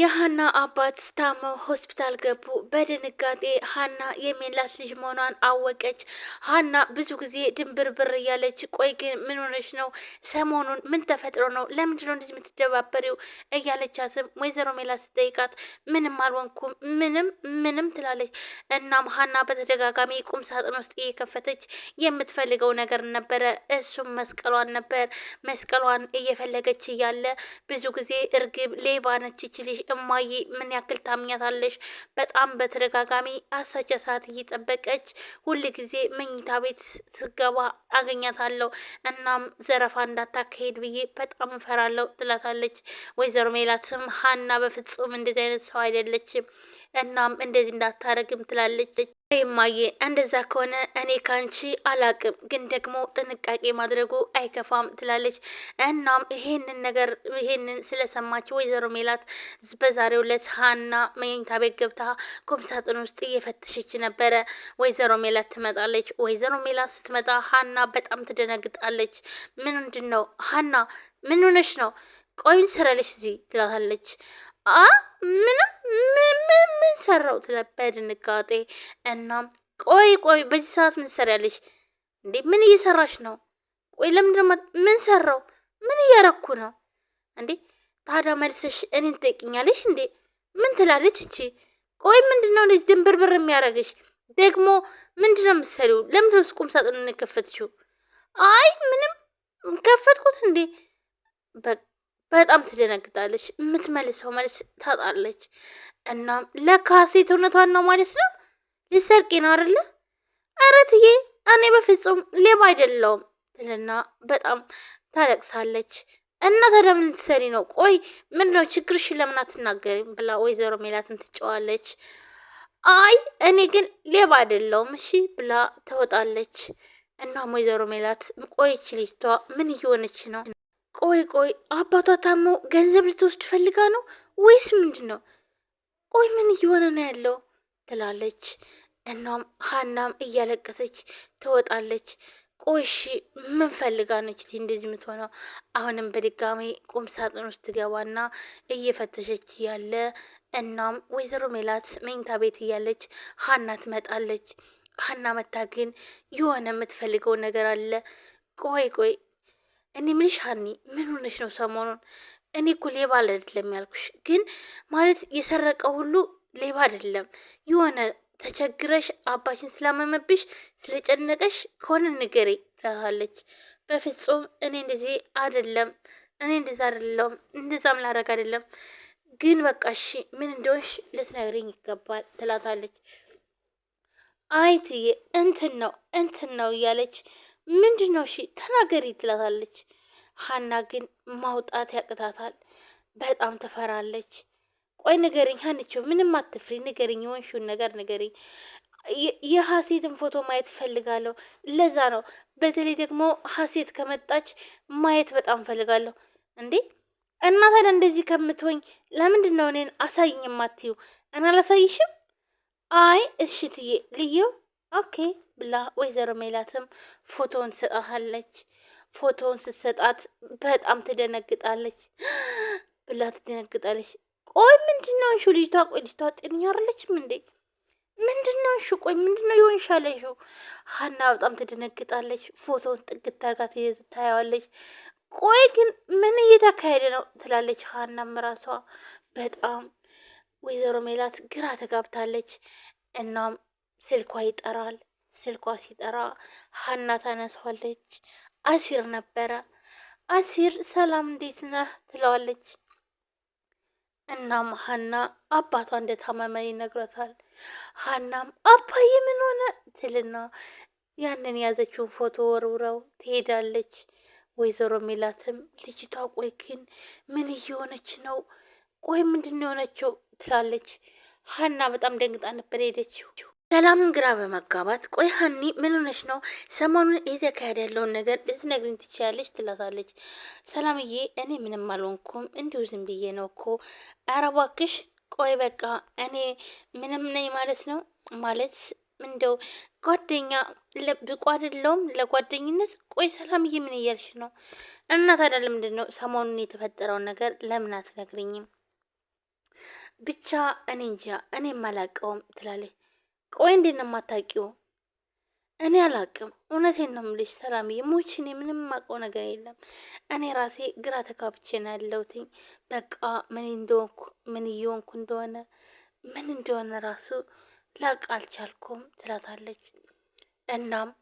የሀና አባት ታመው ሆስፒታል ገቡ። በድንጋጤ ሀና የሜላስ ልጅ መሆኗን አወቀች። ሀና ብዙ ጊዜ ድንብርብር እያለች ቆይ ግን ምን ሆነች ነው? ሰሞኑን ምን ተፈጥሮ ነው? ለምንድን ነው እንደዚህ የምትደባበሪው? እያለቻትም ወይዘሮ ሜላት ስጠይቃት ምንም አልሆንኩም ምንም ምንም ትላለች። እናም ሀና በተደጋጋሚ ቁም ሳጥን ውስጥ እየከፈተች የምትፈልገው ነገር ነበረ። እሱም መስቀሏን ነበር። መስቀሏን እየፈለገች እያለ ብዙ ጊዜ እርግብ ሌባ ነች እማዬ ምን ያክል ታምኛታለሽ? በጣም በተደጋጋሚ አሳቻ ሰዓት እየጠበቀች ሁል ጊዜ መኝታ ቤት ስገባ አገኛታለሁ። እናም ዘረፋ እንዳታካሄድ ብዬ በጣም እፈራለሁ ትላታለች። ወይዘሮ ሜላትም ሀና በፍጹም እንደዚህ አይነት ሰው አይደለችም፣ እናም እንደዚህ እንዳታረግም ትላለች። እማዬ እንደዛ ከሆነ እኔ ካንቺ አላቅም፣ ግን ደግሞ ጥንቃቄ ማድረጉ አይከፋም ትላለች። እናም ይሄንን ነገር ይሄንን ስለሰማች ወይዘሮ ሜላት በዛሬው ዕለት ሀና መኝታ ቤት ገብታ ኮምሳጥን ውስጥ እየፈተሸች ነበረ። ወይዘሮ ሜላት ትመጣለች። ወይዘሮ ሜላት ስትመጣ ሀና በጣም ትደነግጣለች። ምንድን ነው ሀና? ምን ሆነሽ ነው? ቆይን ስረልሽ እዚህ ትላታለች። አ ምንም ምን ሰራው ትለብ በድንጋጤ እናም ቆይ ቆይ በዚህ ሰዓት ምን ትሰሪያለሽ እንዴ? ምን እየሰራሽ ነው? ቆይ ለምንድን ምን ሰራው? ምን እያረኩ ነው እንዴ? ታዲያ መልሰሽ እኔን ትጠይቅኛለሽ እንዴ? ምን ትላለች እቺ? ቆይ ምንድን ነው እንደዚህ ድንብርብር የሚያደርግሽ ደግሞ? ምንድን ነው የምትሰሪው? ለምንድን ነው ቁም ሳጥኑን የከፈትሽው? አይ ምንም ከፈትኩት እንዴ በቃ በጣም ትደነግጣለች። የምትመልሰው መልስ ታጣለች። እናም ለካ ሴት እውነቷን ነው ማለት ነው። ሊሰርቂ ነው አይደለ? ኧረ እትዬ እኔ በፍጹም ሌባ አይደለውም ትልና በጣም ታለቅሳለች። እናታ ለምን ትሰሪ ነው? ቆይ ምንድነው ችግርሽን ለምን አትናገሪም? ብላ ወይዘሮ ሜላትን ትጨዋለች። አይ እኔ ግን ሌባ አይደለውም እሺ ብላ ትወጣለች። እናም ወይዘሮ ሜላት ቆይች ልጅቷ ምን እየሆነች ነው ቆይ ቆይ አባቷ ታሞ ገንዘብ ልትወስድ ፈልጋ ነው ወይስ ምንድን ነው? ቆይ ምን እየሆነ ነው ያለው ትላለች። እናም ሀናም እያለቀሰች ትወጣለች። ቆይሺ ምን ፈልጋ ነች እንደዚህ የምትሆነው? አሁንም በድጋሚ ቁም ሳጥን ውስጥ ትገባና እየፈተሸች እያለ እናም ወይዘሮ ሜላት መኝታ ቤት እያለች ሀና ትመጣለች። ሀና መታ ግን የሆነ የምትፈልገው ነገር አለ። ቆይ ቆይ እኔ ምልሽ ሀኒ ምን ሆነሽ ነው ሰሞኑን? እኔ እኮ ሌባ አይደለም ያልኩሽ፣ ግን ማለት የሰረቀ ሁሉ ሌባ አይደለም። የሆነ ተቸግረሽ አባችን ስላመመብሽ ስለጨነቀሽ ከሆነ ንገሬ ትላለች። በፍጹም እኔ እንደዚህ አይደለም፣ እኔ እንደዛ አይደለም፣ እንደዛም ላረግ አይደለም። ግን በቃ እሺ ምን እንደሆንሽ ልትነግሪኝ ይገባል ትላታለች። አይትዬ እንትን ነው እንትን ነው እያለች ምንድን ነው እሺ ተናገሪ ትላታለች። ሀና ግን ማውጣት ያቅታታል። በጣም ትፈራለች። ቆይ ነገርኝ ሀንቸው፣ ምንም አትፍሪ፣ ነገርኝ የሆንሽውን ነገር ነገርኝ የሀሴትን ፎቶ ማየት ፈልጋለሁ። ለዛ ነው በተለይ ደግሞ ሀሴት ከመጣች ማየት በጣም ፈልጋለሁ። እንዴ እናታን እንደዚህ ከምትወኝ ለምንድን ነው እኔን አሳይኝ የማትዩ? እና አላሳይሽም? አይ እሽትዬ ልየው ኦኬ ብላ ወይዘሮ ሜላትም ፎቶውን ሰጣሃለች። ፎቶውን ስትሰጣት በጣም ትደነግጣለች ብላ ትደነግጣለች። ቆይ ምንድን ነው እሹ? ልጅቷ ቆይ ልጅቷ ጤነኛ አይደለችም እንዴ? ምንድን ነው ቆይ ምንድን ነው የሆንሻለ? ሀና በጣም ትደነግጣለች። ፎቶውን ጥግት ታርጋ ታየዋለች። ቆይ ግን ምን እየተካሄደ ነው ትላለች። ሀናም ራሷ በጣም ወይዘሮ ሜላት ግራ ተጋብታለች። እናም ስልኳ ይጠራል። ስልኳ ሲጠራ ሀና ታነሳዋለች። አሲር ነበረ። አሲር ሰላም እንዴት ነህ ትለዋለች። እናም ሀና አባቷ እንደታመመ ይነግረታል። ሀናም አባዬ ምን ሆነ ትልና ያንን የያዘችውን ፎቶ ወርውረው ትሄዳለች። ወይዘሮ ሚላትም ልጅቷ ቆይ ግን ምን እየሆነች ነው? ቆይ ምንድን የሆነችው ትላለች። ሀና በጣም ደንግጣ ነበር ሄደችው። ሰላምን ግራ በመጋባት ቆይ ሀኒ ምን ሆነሽ ነው? ሰሞኑን እየተካሄደ ያለውን ነገር ልትነግሪኝ ትችያለሽ? ትላታለች። ሰላምዬ እኔ ምንም አልሆንኩም እንዲሁ ዝም ብዬ ነው እኮ። ኧረ እባክሽ ቆይ በቃ እኔ ምንም ነኝ ማለት ነው ማለት እንደው ጓደኛ ብቁ አይደለሁም ለጓደኝነት። ቆይ ሰላምዬ ምን እያልሽ ነው? እና ታዲያ ለምንድን ነው ሰሞኑን የተፈጠረውን ነገር ለምን አትነግሪኝም? ብቻ እኔ እንጃ እኔም አላውቀውም ትላለች። ቆይ እንዴት ነው የማታውቂው? እኔ አላቅም። እውነቴን ነው የምልሽ ሰላምዬ፣ ሞች እኔ ምንም የማውቀው ነገር የለም። እኔ ራሴ ግራ ተካብቼ ነው ያለሁትኝ። በቃ ምን እንደሆንኩ ምን እየሆንኩ እንደሆነ ምን እንደሆነ ራሱ ላቅ አልቻልኩም ትላታለች። እናም